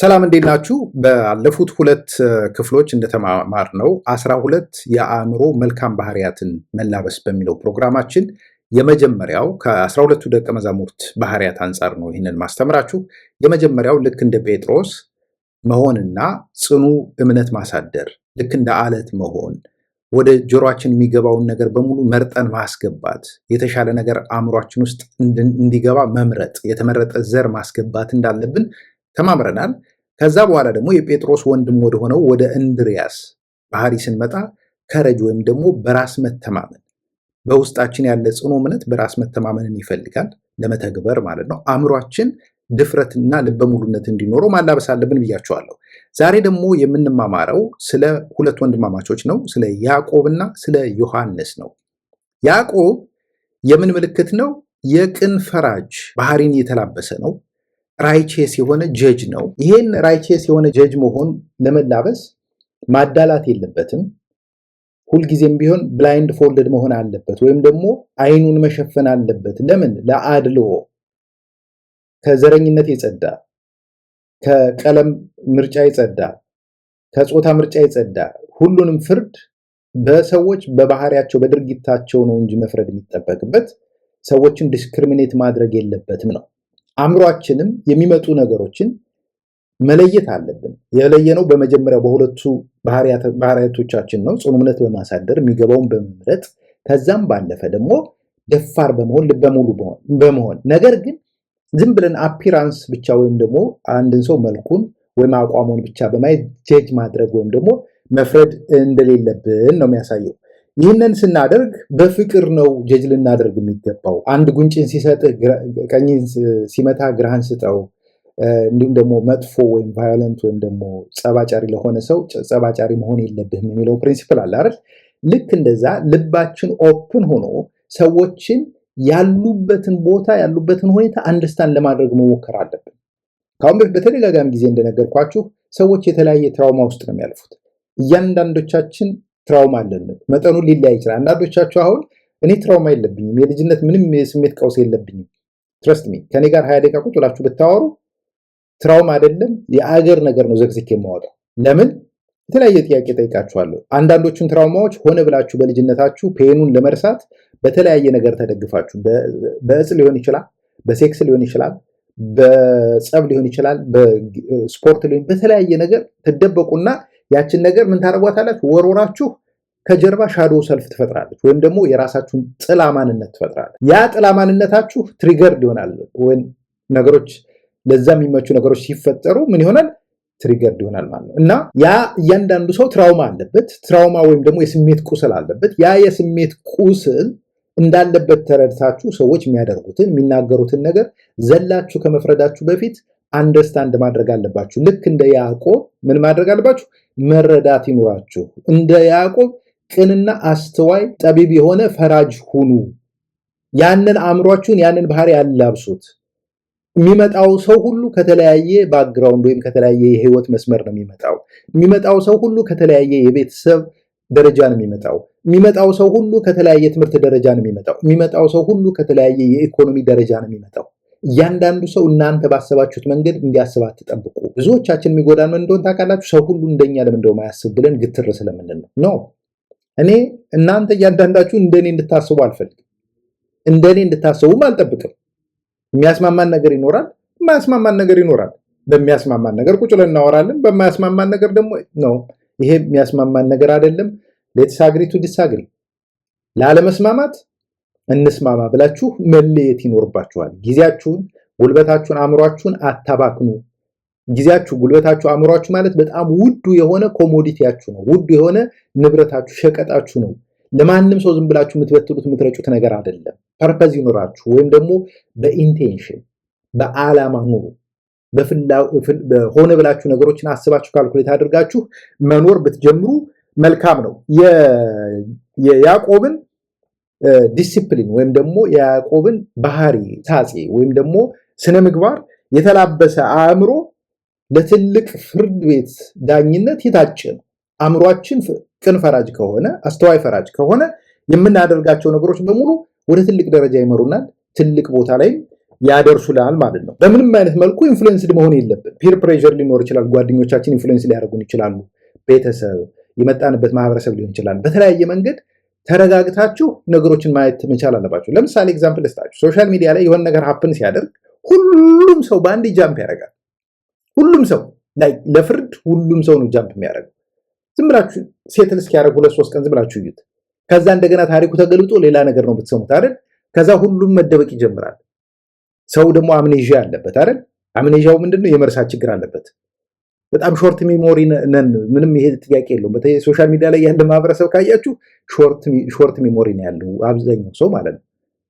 ሰላም እንዴት ናችሁ? ባለፉት ሁለት ክፍሎች እንደተማማር ነው አስራ ሁለት የአእምሮ መልካም ባህሪያትን መላበስ በሚለው ፕሮግራማችን የመጀመሪያው ከአስራ ሁለቱ ደቀ መዛሙርት ባህሪያት አንጻር ነው ይህንን ማስተምራችሁ። የመጀመሪያው ልክ እንደ ጴጥሮስ መሆንና ጽኑ እምነት ማሳደር፣ ልክ እንደ አለት መሆን፣ ወደ ጆሯችን የሚገባውን ነገር በሙሉ መርጠን ማስገባት፣ የተሻለ ነገር አእምሯችን ውስጥ እንዲገባ መምረጥ፣ የተመረጠ ዘር ማስገባት እንዳለብን ተማምረናል። ከዛ በኋላ ደግሞ የጴጥሮስ ወንድም ወደሆነው ወደ እንድሪያስ ባህሪ ስንመጣ ከረጅ ወይም ደግሞ በራስ መተማመን በውስጣችን ያለ ጽኑ እምነት በራስ መተማመንን ይፈልጋል ለመተግበር ማለት ነው። አእምሯችን ድፍረትና ልበሙሉነት እንዲኖረው ማላበስ አለብን ብያቸዋለሁ። ዛሬ ደግሞ የምንማማረው ስለ ሁለት ወንድማማቾች ነው፣ ስለ ያዕቆብና ስለ ዮሐንስ ነው። ያዕቆብ የምን ምልክት ነው? የቅን ፈራጅ ባህሪን የተላበሰ ነው። ራይቼስ የሆነ ጀጅ ነው። ይሄን ራይቼስ የሆነ ጀጅ መሆን ለመላበስ ማዳላት የለበትም። ሁልጊዜም ቢሆን ብላይንድ ፎልደድ መሆን አለበት፣ ወይም ደግሞ አይኑን መሸፈን አለበት። ለምን? ለአድልዎ ከዘረኝነት የጸዳ ከቀለም ምርጫ የጸዳ ከጾታ ምርጫ የጸዳ ሁሉንም ፍርድ በሰዎች በባህሪያቸው በድርጊታቸው ነው እንጂ መፍረድ የሚጠበቅበት ሰዎችን ዲስክሪሚኔት ማድረግ የለበትም ነው። አእምሯችንም የሚመጡ ነገሮችን መለየት አለብን። የለየነው በመጀመሪያው በሁለቱ ባህሪያቶቻችን ነው። ጽኑ እምነት በማሳደር የሚገባውን በመምረጥ ከዛም ባለፈ ደግሞ ደፋር በመሆን ልበ ሙሉ በመሆን ነገር ግን ዝም ብለን አፒራንስ ብቻ ወይም ደግሞ አንድን ሰው መልኩን ወይም አቋሙን ብቻ በማየት ጀጅ ማድረግ ወይም ደግሞ መፍረድ እንደሌለብን ነው የሚያሳየው። ይህንን ስናደርግ በፍቅር ነው ጀጅ ልናደርግ የሚገባው። አንድ ጉንጭን ሲሰጥህ ቀኝን ሲመታ ግራህን ስጠው። እንዲሁም ደግሞ መጥፎ ወይም ቫዮለንት ወይም ደግሞ ጸባጫሪ ለሆነ ሰው ጸባጫሪ መሆን የለብህም የሚለው ፕሪንሲፕል አለ አይደል? ልክ እንደዛ ልባችን ኦፕን ሆኖ ሰዎችን ያሉበትን ቦታ ያሉበትን ሁኔታ አንደርስታንድ ለማድረግ መሞከር አለብን። ከአሁን በፊት በተደጋጋሚ ጊዜ እንደነገርኳችሁ ሰዎች የተለያየ ትራውማ ውስጥ ነው የሚያልፉት። እያንዳንዶቻችን ትራውማ አለብን። መጠኑ ሊለያይ ይችላል። አንዳንዶቻችሁ አሁን እኔ ትራውማ የለብኝም የልጅነት ምንም የስሜት ቀውስ የለብኝም፣ ትረስት ሚ ከኔ ጋር ሀያ ደቂቃ ቁጭ ብላችሁ ብታወሩ ትራውማ አይደለም የአገር ነገር ነው ዘግዝኬ የማወጣው። ለምን የተለያየ ጥያቄ ጠይቃችኋለሁ። አንዳንዶቹን ትራውማዎች ሆነ ብላችሁ በልጅነታችሁ ፔኑን ለመርሳት በተለያየ ነገር ተደግፋችሁ፣ በእጽ ሊሆን ይችላል፣ በሴክስ ሊሆን ይችላል፣ በጸብ ሊሆን ይችላል፣ በስፖርት ሊሆን በተለያየ ነገር ትደበቁና ያችን ነገር ምን ታደርጓታላችሁ? ወርወራችሁ ከጀርባ ሻዶ ሰልፍ ትፈጥራለች፣ ወይም ደግሞ የራሳችሁን ጥላ ማንነት ትፈጥራለች። ያ ጥላ ማንነታችሁ ትሪገርድ ይሆናል፣ ወይም ነገሮች ለዛ የሚመቹ ነገሮች ሲፈጠሩ ምን ይሆናል? ትሪገርድ ይሆናል ማለት ነው። እና ያ እያንዳንዱ ሰው ትራውማ አለበት። ትራውማ ወይም ደግሞ የስሜት ቁስል አለበት። ያ የስሜት ቁስል እንዳለበት ተረድታችሁ ሰዎች የሚያደርጉትን የሚናገሩትን ነገር ዘላችሁ ከመፍረዳችሁ በፊት አንደርስታንድ ማድረግ አለባችሁ። ልክ እንደ ያዕቆብ ምን ማድረግ አለባችሁ? መረዳት ይኑራችሁ። እንደ ያዕቆብ ቅንና አስተዋይ ጠቢብ የሆነ ፈራጅ ሁኑ። ያንን አእምሯችሁን ያንን ባህሪ ያላብሱት። የሚመጣው ሰው ሁሉ ከተለያየ ባክግራውንድ ወይም ከተለያየ የህይወት መስመር ነው የሚመጣው። የሚመጣው ሰው ሁሉ ከተለያየ የቤተሰብ ደረጃ ነው የሚመጣው። የሚመጣው ሰው ሁሉ ከተለያየ ትምህርት ደረጃ ነው የሚመጣው። የሚመጣው ሰው ሁሉ ከተለያየ የኢኮኖሚ ደረጃ ነው የሚመጣው። እያንዳንዱ ሰው እናንተ ባሰባችሁት መንገድ እንዲያስብ አትጠብቁ። ብዙዎቻችን የሚጎዳን ምን እንደሆን ታውቃላችሁ? ሰው ሁሉ እንደኛ ለምን እንደውም ብለን ግትር ስለምንል ነው። እኔ እናንተ እያንዳንዳችሁ እንደኔ እንድታስቡ አልፈልግም። እንደኔ እንድታስቡም አልጠብቅም። የሚያስማማን ነገር ይኖራል፣ የማያስማማን ነገር ይኖራል። በሚያስማማን ነገር ቁጭ ብለን እናወራለን። በማያስማማን ነገር ደግሞ ነው ይሄ የሚያስማማን ነገር አይደለም፣ ሌትስ አግሪ ቱ ዲስአግሪ፣ ላለመስማማት እንስማማ ብላችሁ መለየት ይኖርባችኋል። ጊዜያችሁን፣ ጉልበታችሁን፣ አእምሯችሁን አታባክኑ። ጊዜያችሁ፣ ጉልበታችሁ፣ አእምሯችሁ ማለት በጣም ውዱ የሆነ ኮሞዲቲያችሁ ነው። ውዱ የሆነ ንብረታችሁ፣ ሸቀጣችሁ ነው። ለማንም ሰው ዝም ብላችሁ የምትበትሉት የምትረጩት ነገር አይደለም። ፐርፐዝ ይኖራችሁ ወይም ደግሞ በኢንቴንሽን በዓላማ ኑሩ። ሆነ ብላችሁ ነገሮችን አስባችሁ ካልኩሌት አድርጋችሁ መኖር ብትጀምሩ መልካም ነው። የያዕቆብን ዲሲፕሊን ወይም ደግሞ የያዕቆብን ባህሪ ታፄ ወይም ደግሞ ስነ ምግባር የተላበሰ አእምሮ ለትልቅ ፍርድ ቤት ዳኝነት የታጨ ነው። አእምሯችን ቅን ፈራጅ ከሆነ አስተዋይ ፈራጅ ከሆነ የምናደርጋቸው ነገሮች በሙሉ ወደ ትልቅ ደረጃ ይመሩናል፣ ትልቅ ቦታ ላይ ያደርሱናል ማለት ነው። በምንም አይነት መልኩ ኢንፍሉዌንስድ መሆን የለብን። ፒር ፕሬዥር ሊኖር ይችላል። ጓደኞቻችን ኢንፍሉዌንስ ሊያደርጉን ይችላሉ። ቤተሰብ፣ የመጣንበት ማህበረሰብ ሊሆን ይችላል። በተለያየ መንገድ ተረጋግታችሁ ነገሮችን ማየት መቻል አለባችሁ። ለምሳሌ ኤግዛምፕል ልስጣችሁ። ሶሻል ሚዲያ ላይ የሆነ ነገር ሀፕን ሲያደርግ ሁሉም ሰው በአንድ ጃምፕ ያደርጋል። ሁሉም ሰው ለፍርድ ሁሉም ሰው ነው ጃምፕ የሚያደርገው። ዝም ብላችሁ ሴትል እስኪያደርግ ሁለት ሶስት ቀን ዝም ብላችሁ እዩት። ከዛ እንደገና ታሪኩ ተገልጦ ሌላ ነገር ነው ብትሰሙት አይደል? ከዛ ሁሉም መደበቅ ይጀምራል። ሰው ደግሞ አምኔዥያ አለበት አይደል? አምኔዥያው ምንድን ነው? የመርሳት ችግር አለበት። በጣም ሾርት ሜሞሪ ነን። ምንም ይሄ ጥያቄ የለውም። በተለይ ሶሻል ሚዲያ ላይ ያለ ማህበረሰብ ካያችሁ ሾርት ሜሞሪ ነው ያለው አብዛኛው ሰው ማለት ነው።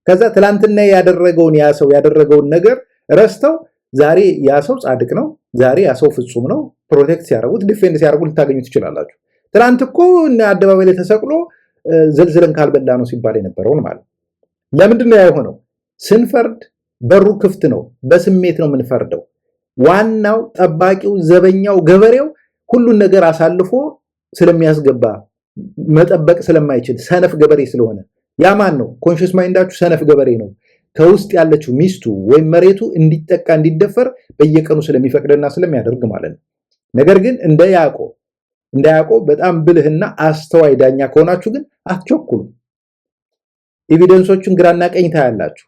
ከዛ ትላንትና ያደረገውን ያ ሰው ያደረገውን ነገር ረስተው ዛሬ ያ ሰው ጻድቅ ነው፣ ዛሬ ያ ሰው ፍጹም ነው። ፕሮቴክት ሲያደርጉት ዲፌንድ ሲያደርጉት ልታገኙ ትችላላችሁ። ትናንት እኮ አደባባይ ላይ ተሰቅሎ ዘልዝለን ካልበላ ነው ሲባል የነበረውን ማለት ለምንድን ነው ያ የሆነው? ስንፈርድ በሩ ክፍት ነው፣ በስሜት ነው የምንፈርደው። ዋናው ጠባቂው፣ ዘበኛው፣ ገበሬው ሁሉን ነገር አሳልፎ ስለሚያስገባ መጠበቅ ስለማይችል ሰነፍ ገበሬ ስለሆነ ያ ማን ነው? ኮንሽስ ማይንዳችሁ ሰነፍ ገበሬ ነው። ከውስጥ ያለችው ሚስቱ ወይም መሬቱ እንዲጠቃ እንዲደፈር በየቀኑ ስለሚፈቅድና ስለሚያደርግ ማለት ነው። ነገር ግን እንደ ያዕቆብ እንደ ያዕቆብ በጣም ብልህና አስተዋይ ዳኛ ከሆናችሁ ግን አትቸኩሉ ኤቪደንሶቹን ግራና ቀኝ ታያላችሁ።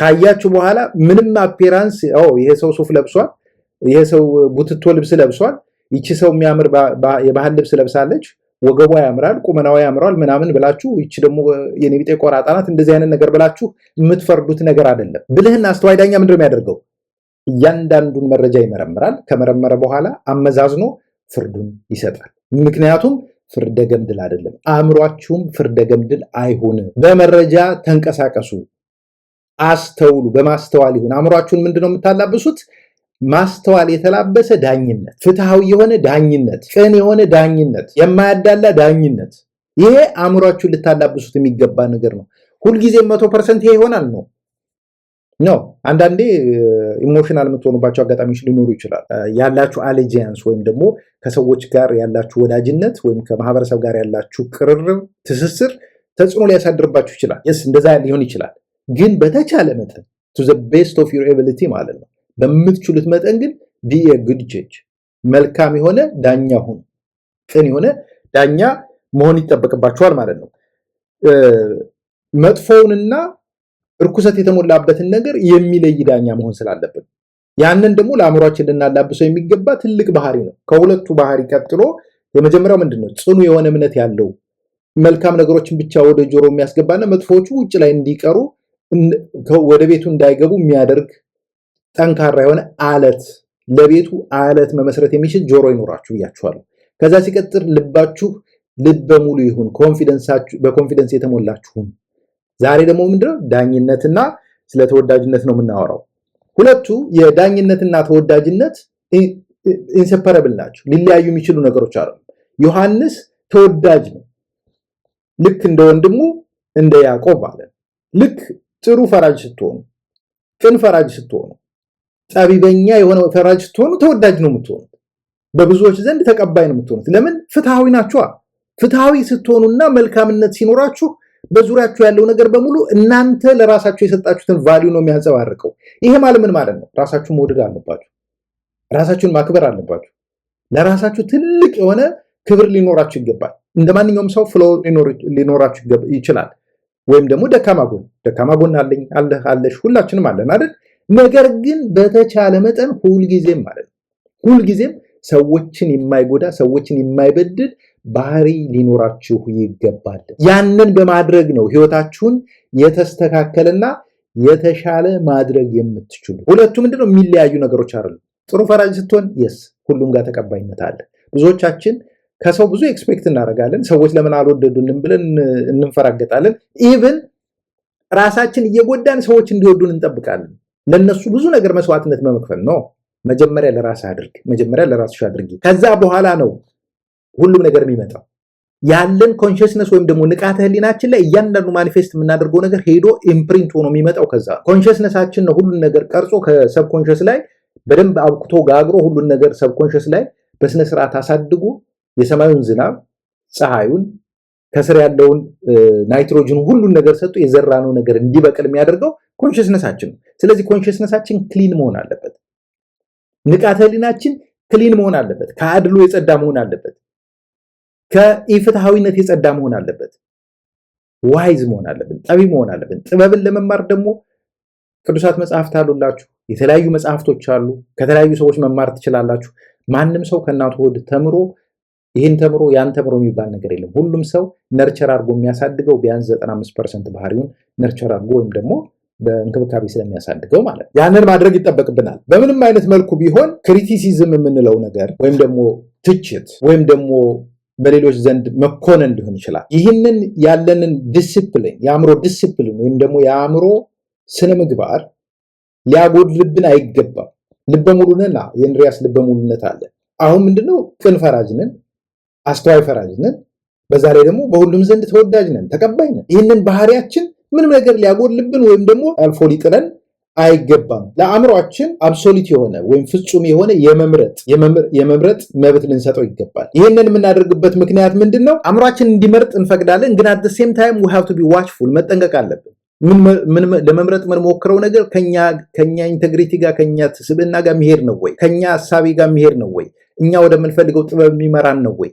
ካያችሁ በኋላ ምንም አፔራንስ ይሄ ሰው ሱፍ ለብሷል፣ ይሄ ሰው ቡትቶ ልብስ ለብሷል፣ ይቺ ሰው የሚያምር የባህል ልብስ ለብሳለች ወገቧ ያምራል፣ ቁመናዋ ያምራል ምናምን ብላችሁ ይቺ ደግሞ የኔቢጤ ቆራጣ ናት እንደዚህ አይነት ነገር ብላችሁ የምትፈርዱት ነገር አይደለም። ብልህና አስተዋይ ዳኛ ምንድነው የሚያደርገው? እያንዳንዱን መረጃ ይመረምራል። ከመረመረ በኋላ አመዛዝኖ ፍርዱን ይሰጣል። ምክንያቱም ፍርደ ገምድል አይደለም። አእምሯችሁም ፍርደ ገምድል አይሁን። በመረጃ ተንቀሳቀሱ፣ አስተውሉ፣ በማስተዋል ይሁን። አእምሯችሁን ምንድነው የምታላብሱት? ማስተዋል የተላበሰ ዳኝነት፣ ፍትሐዊ የሆነ ዳኝነት፣ ቅን የሆነ ዳኝነት፣ የማያዳላ ዳኝነት። ይሄ አእምሯችሁን ልታላብሱት የሚገባ ነገር ነው። ሁልጊዜ መቶ ፐርሰንት ይሄ ይሆናል ነው ነው አንዳንዴ ኢሞሽናል የምትሆኑባቸው አጋጣሚዎች ሊኖሩ ይችላል። ያላችሁ አሌጂያንስ ወይም ደግሞ ከሰዎች ጋር ያላችሁ ወዳጅነት ወይም ከማህበረሰብ ጋር ያላችሁ ቅርርብ፣ ትስስር ተጽዕኖ ሊያሳድርባችሁ ይችላል። ስ እንደዛ ሊሆን ይችላል። ግን በተቻለ መጠን ቱ ዘ ቤስት ኦፍ ዩር ኤቢሊቲ ማለት ነው በምትችሉት መጠን ግን ቢየ ጉድ ጀጅ መልካም የሆነ ዳኛ ሁኑ። ቅን የሆነ ዳኛ መሆን ይጠበቅባችኋል ማለት ነው። መጥፎውንና እርኩሰት የተሞላበትን ነገር የሚለይ ዳኛ መሆን ስላለብን ያንን ደግሞ ለአእምሯችን ልናላብሰው የሚገባ ትልቅ ባህሪ ነው። ከሁለቱ ባህሪ ቀጥሎ የመጀመሪያው ምንድን ነው? ጽኑ የሆነ እምነት ያለው መልካም ነገሮችን ብቻ ወደ ጆሮ የሚያስገባና መጥፎዎቹ ውጭ ላይ እንዲቀሩ ወደ ቤቱ እንዳይገቡ የሚያደርግ ጠንካራ የሆነ አለት ለቤቱ አለት መመስረት የሚችል ጆሮ ይኖራችሁ ብያችኋለሁ። ከዛ ሲቀጥር ልባችሁ ልበ ሙሉ ይሁን፣ በኮንፊደንስ የተሞላችሁም። ዛሬ ደግሞ ምንድነው ዳኝነትና ስለ ተወዳጅነት ነው የምናወራው። ሁለቱ የዳኝነትና ተወዳጅነት ኢንሰፐረብል ናቸው፣ ሊለያዩ የሚችሉ ነገሮች አሉ። ዮሐንስ ተወዳጅ ነው፣ ልክ እንደ ወንድሙ እንደ ያዕቆብ አለ። ልክ ጥሩ ፈራጅ ስትሆኑ፣ ቅን ፈራጅ ስትሆኑ ጠቢበኛ የሆነ ፈራጅ ስትሆኑ ተወዳጅ ነው የምትሆኑት። በብዙዎች ዘንድ ተቀባይ ነው የምትሆኑት። ለምን? ፍትሐዊ ናችኋ። ፍትሐዊ ስትሆኑና መልካምነት ሲኖራችሁ በዙሪያችሁ ያለው ነገር በሙሉ እናንተ ለራሳችሁ የሰጣችሁትን ቫሊዩ ነው የሚያንጸባርቀው ይሄ ማለት ምን ማለት ነው? ራሳችሁን መውደድ አለባችሁ። ራሳችሁን ማክበር አለባችሁ። ለራሳችሁ ትልቅ የሆነ ክብር ሊኖራችሁ ይገባል። እንደ ማንኛውም ሰው ፍሎ ሊኖራችሁ ይችላል። ወይም ደግሞ ደካማ ጎን ደካማ ጎን አለኝ አለ አለሽ ሁላችንም አለን አይደል? ነገር ግን በተቻለ መጠን ሁልጊዜም ማለት ነው ሁልጊዜም ሰዎችን የማይጎዳ ሰዎችን የማይበድል ባህሪ ሊኖራችሁ ይገባል። ያንን በማድረግ ነው ህይወታችሁን የተስተካከለና የተሻለ ማድረግ የምትችሉ። ሁለቱ ምንድነው የሚለያዩ ነገሮች አይደሉም። ጥሩ ፈራጅ ስትሆን የስ ሁሉም ጋር ተቀባይነት አለ። ብዙዎቻችን ከሰው ብዙ ኤክስፔክት እናደርጋለን። ሰዎች ለምን አልወደዱንም ብለን እንንፈራገጣለን። ኢቭን ራሳችን እየጎዳን ሰዎች እንዲወዱን እንጠብቃለን። ለነሱ ብዙ ነገር መስዋዕትነት መመክፈል ነው። መጀመሪያ ለራስ አድርግ፣ መጀመሪያ ለራስ አድርጊ። ከዛ በኋላ ነው ሁሉም ነገር የሚመጣው። ያለን ኮንሽስነስ ወይም ደግሞ ንቃተ ህሊናችን ላይ እያንዳንዱ ማኒፌስት የምናደርገው ነገር ሄዶ ኢምፕሪንት ሆኖ የሚመጣው ከዛ ኮንሽስነሳችን ነው። ሁሉን ነገር ቀርጾ ከሰብኮንሽስ ላይ በደንብ አብቅቶ ጋግሮ ሁሉን ነገር ሰብኮንሽስ ላይ በስነስርዓት አሳድጎ የሰማዩን ዝናብ ፀሐዩን ከስር ያለውን ናይትሮጅን ሁሉን ነገር ሰጡ የዘራነው ነገር እንዲበቅል የሚያደርገው ኮንሽስነሳችን ነው። ስለዚህ ኮንሽስነሳችን ክሊን መሆን አለበት። ንቃተ ህሊናችን ክሊን መሆን አለበት። ከአድሎ የጸዳ መሆን አለበት። ከኢፍትሐዊነት የጸዳ መሆን አለበት። ዋይዝ መሆን አለብን። ጠቢ መሆን አለብን። ጥበብን ለመማር ደግሞ ቅዱሳት መጽሐፍት አሉላችሁ። የተለያዩ መጽሐፍቶች አሉ። ከተለያዩ ሰዎች መማር ትችላላችሁ። ማንም ሰው ከእናቱ ሆድ ተምሮ ይህን ተምሮ ያን ተምሮ የሚባል ነገር የለም። ሁሉም ሰው ነርቸር አድርጎ የሚያሳድገው ቢያንስ 95 ፐርሰንት ባህሪውን ነርቸር አድርጎ ወይም ደግሞ በእንክብካቤ ስለሚያሳድገው ማለት ነው። ያንን ማድረግ ይጠበቅብናል። በምንም አይነት መልኩ ቢሆን ክሪቲሲዝም የምንለው ነገር ወይም ደግሞ ትችት ወይም ደግሞ በሌሎች ዘንድ መኮነን ሊሆን ይችላል። ይህንን ያለንን ዲስፕሊን የአእምሮ ዲስፕሊን ወይም ደግሞ የአእምሮ ስነ ምግባር ሊያጎድልብን አይገባም። ልበ ሙሉነና የእንድሪያስ ልበ ሙሉነት አለ። አሁን ምንድነው? ቅን ፈራጅንን፣ አስተዋይ ፈራጅንን፣ በዛ ላይ ደግሞ በሁሉም ዘንድ ተወዳጅ ነን፣ ተቀባይ ነን። ይህንን ባህሪያችን ምንም ነገር ሊያጎልብን ወይም ደግሞ አልፎ ሊጥለን አይገባም። ለአእምሯችን አብሶሊት የሆነ ወይም ፍጹም የሆነ የመምረጥ መብት ልንሰጠው ይገባል። ይህንን የምናደርግበት ምክንያት ምንድን ነው? አእምሯችን እንዲመርጥ እንፈቅዳለን፣ ግን አት ሴም ታይም ዊ ሃቭ ቱ ቢ ዋችፉል መጠንቀቅ አለብን። ለመምረጥ የምንሞክረው ነገር ከኛ ኢንቴግሪቲ ጋር ከኛ ስብዕና ጋር የሚሄድ ነው ወይ? ከኛ ሀሳቤ ጋር የሚሄድ ነው ወይ? እኛ ወደምንፈልገው ጥበብ የሚመራን ነው ወይ?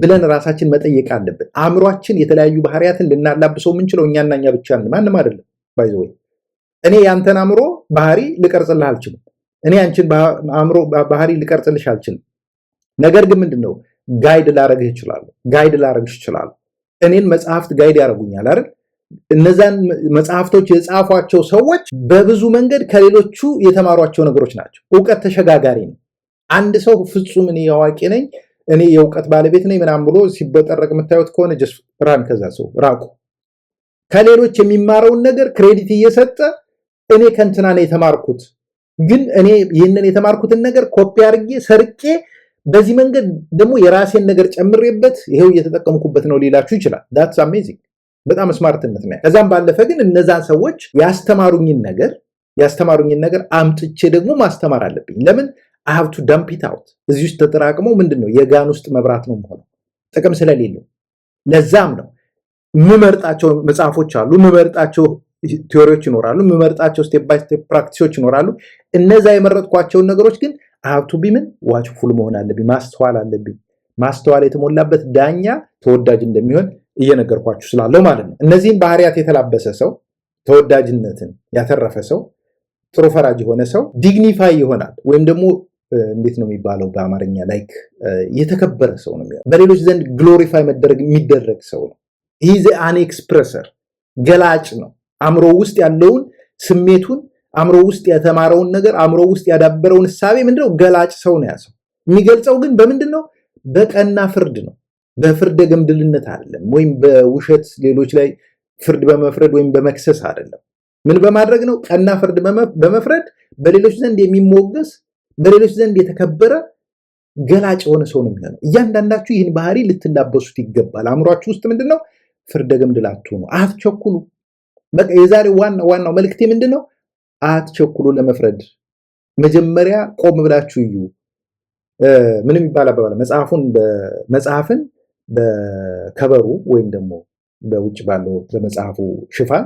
ብለን ራሳችን መጠየቅ አለብን። አእምሯችን የተለያዩ ባህሪያትን ልናላብሰው የምንችለው እኛና እኛ ብቻ ማንም አይደለም። ባይዘወይ እኔ ያንተን አእምሮ ባህሪ ልቀርጽልህ አልችልም። እኔ ያንችን አእምሮ ባህሪ ልቀርጽልሽ አልችልም። ነገር ግን ምንድን ነው ጋይድ ላረግህ እችላለሁ፣ ጋይድ ላረግሽ እችላለሁ። እኔን መጽሐፍት ጋይድ ያደርጉኛል አይደል? እነዛን መጽሐፍቶች የጻፏቸው ሰዎች በብዙ መንገድ ከሌሎቹ የተማሯቸው ነገሮች ናቸው። እውቀት ተሸጋጋሪ ነው። አንድ ሰው ፍጹም እኔ አዋቂ ነኝ እኔ የእውቀት ባለቤት ነኝ ምናምን ብሎ ሲበጠረቅ የምታዩት ከሆነ ራን ከዛ ሰው ራቁ። ከሌሎች የሚማረውን ነገር ክሬዲት እየሰጠ እኔ ከንትና ነው የተማርኩት፣ ግን እኔ ይህንን የተማርኩትን ነገር ኮፒ አድርጌ ሰርቄ በዚህ መንገድ ደግሞ የራሴን ነገር ጨምሬበት ይሄው እየተጠቀምኩበት ነው ሊላችሁ ይችላል። ዳትስ አሜዚንግ በጣም ስማርትነት ነው። ከዛም ባለፈ ግን እነዛ ሰዎች ያስተማሩኝን ነገር ያስተማሩኝን ነገር አምጥቼ ደግሞ ማስተማር አለብኝ። ለምን አሀብቱ ዳምፒት አውት እዚህ ውስጥ ተጠራቅሞ ምንድን ነው የጋን ውስጥ መብራት ነው መሆኑ ጥቅም ስለሌለው ለዛም ነው የምመርጣቸው መጽሐፎች አሉ የምመርጣቸው ቲዎሪዎች ይኖራሉ የምመርጣቸው ስቴፕ ባይ ስቴፕ ፕራክቲሶች ይኖራሉ እነዛ የመረጥኳቸውን ነገሮች ግን አሀብቱ ቢምን ዋችፉል መሆን አለብኝ ማስተዋል አለብኝ ማስተዋል የተሞላበት ዳኛ ተወዳጅ እንደሚሆን እየነገርኳችሁ ስላለው ማለት ነው እነዚህን ባህሪያት የተላበሰ ሰው ተወዳጅነትን ያተረፈ ሰው ጥሩ ፈራጅ የሆነ ሰው ዲግኒፋይ ይሆናል ወይም ደግሞ እንዴት ነው የሚባለው በአማርኛ ላይክ የተከበረ ሰው ነው የሚሆነው። በሌሎች ዘንድ ግሎሪፋይ መደረግ የሚደረግ ሰው ነው። ይህ አን ኤክስፕረሰር ገላጭ ነው። አእምሮ ውስጥ ያለውን ስሜቱን፣ አእምሮ ውስጥ የተማረውን ነገር፣ አእምሮ ውስጥ ያዳበረውን እሳቤ ምንድነው? ገላጭ ሰው ነው ያሰው። የሚገልጸው ግን በምንድን ነው? በቀና ፍርድ ነው። በፍርደ ገምድልነት አይደለም፣ ወይም በውሸት ሌሎች ላይ ፍርድ በመፍረድ ወይም በመክሰስ አይደለም። ምን በማድረግ ነው? ቀና ፍርድ በመፍረድ በሌሎች ዘንድ የሚሞገስ በሌሎች ዘንድ የተከበረ ገላጭ የሆነ ሰው ነው የሚሆነው። እያንዳንዳችሁ ይህን ባህሪ ልትላበሱት ይገባል። አእምሯችሁ ውስጥ ምንድን ነው? ፍርደ ገምድል ነው። አትቸኩሉ። የዛሬ ዋና ዋናው መልእክቴ ምንድን ነው? አትቸኩሉ ለመፍረድ። መጀመሪያ ቆም ብላችሁ እዩ። ምንም ይባል አባባል መጽሐፍን በከበሩ ወይም ደግሞ በውጭ ባለው በመጽሐፉ ሽፋን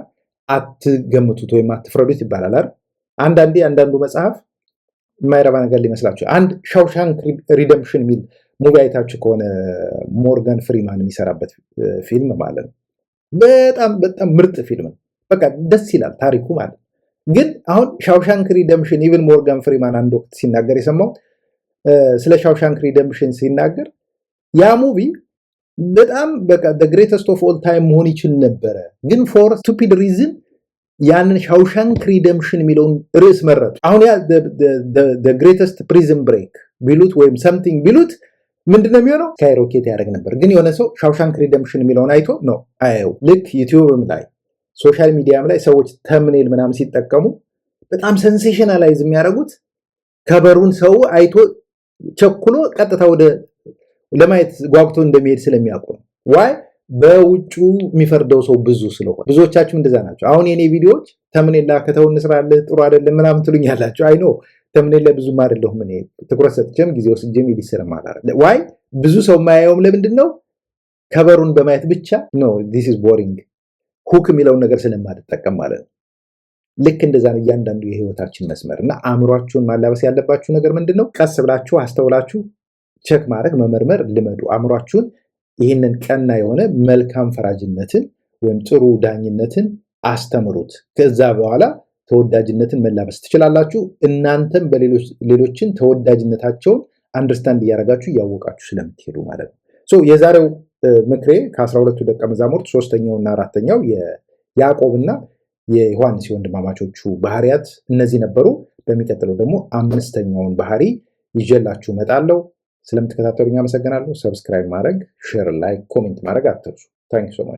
አትገምቱት ወይም አትፍረዱት ይባላል። አንዳንዴ አንዳንዱ መጽሐፍ የማይረባ ነገር ሊመስላችሁ አንድ ሻውሻንክ ሪደምፕሽን የሚል ሙቪ አይታችሁ ከሆነ ሞርጋን ፍሪማን የሚሰራበት ፊልም ማለት ነው። በጣም በጣም ምርጥ ፊልም ነው። በቃ ደስ ይላል ታሪኩ ማለት ግን አሁን ሻውሻንክ ሪደምሽን ኢቨን ሞርጋን ፍሪማን አንድ ወቅት ሲናገር የሰማሁት ስለ ሻውሻንክ ሪደምሽን ሲናገር ያ ሙቪ በጣም በቃ ግሬተስት ኦፍ ኦል ታይም መሆን ይችል ነበረ፣ ግን ፎር ስቱፒድ ሪዝን ያንን ሻውሻንክ ሪደምሽን የሚለውን ርዕስ መረጡ። አሁን ያ ግሬተስት ፕሪዝን ብሬክ ቢሉት ወይም ሰምቲንግ ቢሉት ምንድነው የሚሆነው? ስካይሮኬት ያደርግ ነበር። ግን የሆነ ሰው ሻውሻንክ ሪደምሽን የሚለውን አይቶ ነው አየው። ልክ ዩቲዩብም ላይ ሶሻል ሚዲያም ላይ ሰዎች ተምኔል ምናምን ሲጠቀሙ በጣም ሰንሴሽናላይዝ የሚያደርጉት ከበሩን ሰው አይቶ ቸኩሎ ቀጥታ ወደ ለማየት ጓጉቶ እንደሚሄድ ስለሚያውቁ ነው ዋይ በውጩ የሚፈርደው ሰው ብዙ ስለሆነ ብዙዎቻችሁ እንደዛ ናቸው። አሁን የኔ ቪዲዮዎች ተምኔላ ከተው እንስራለህ ጥሩ አይደለም ምናምን ትሉኝ ያላቸው ኖ ተምኔላ ብዙም አይደለሁም እኔ ትኩረት ሰጥቼም ጊዜ ወስጄም ኤዲት ስለማላደርግ ዋይ ብዙ ሰው የማያየውም ለምንድን ነው? ከበሩን በማየት ብቻ ኖ ዲስ ኢዝ ቦሪንግ ሁክ የሚለውን ነገር ስለማልጠቀም ማለት ነው። ልክ እንደዛ ነው እያንዳንዱ የህይወታችን መስመር እና አእምሯችሁን ማላበስ ያለባችሁ ነገር ምንድን ነው? ቀስ ብላችሁ አስተውላችሁ ቸክ ማድረግ መመርመር ልመዱ አእምሯችሁን ይህንን ቀና የሆነ መልካም ፈራጅነትን ወይም ጥሩ ዳኝነትን አስተምሩት። ከዛ በኋላ ተወዳጅነትን መላበስ ትችላላችሁ። እናንተም በሌሎችን ተወዳጅነታቸውን አንደርስታንድ እያደረጋችሁ እያወቃችሁ ስለምትሄዱ ማለት ነው። የዛሬው ምክሬ ከአስራ ሁለቱ ደቀ መዛሙርት ሶስተኛውና አራተኛው የያዕቆብና የዮሐንስ የወንድማማቾቹ ባህሪያት እነዚህ ነበሩ። በሚቀጥለው ደግሞ አምስተኛውን ባህሪ ይዤላችሁ እመጣለሁ። ስለምትከታተሉኝ አመሰግናለሁ። ሰብስክራይብ ማድረግ፣ ሼር፣ ላይክ፣ ኮሜንት ማድረግ አትርሱ። ታንክ ሶ ማች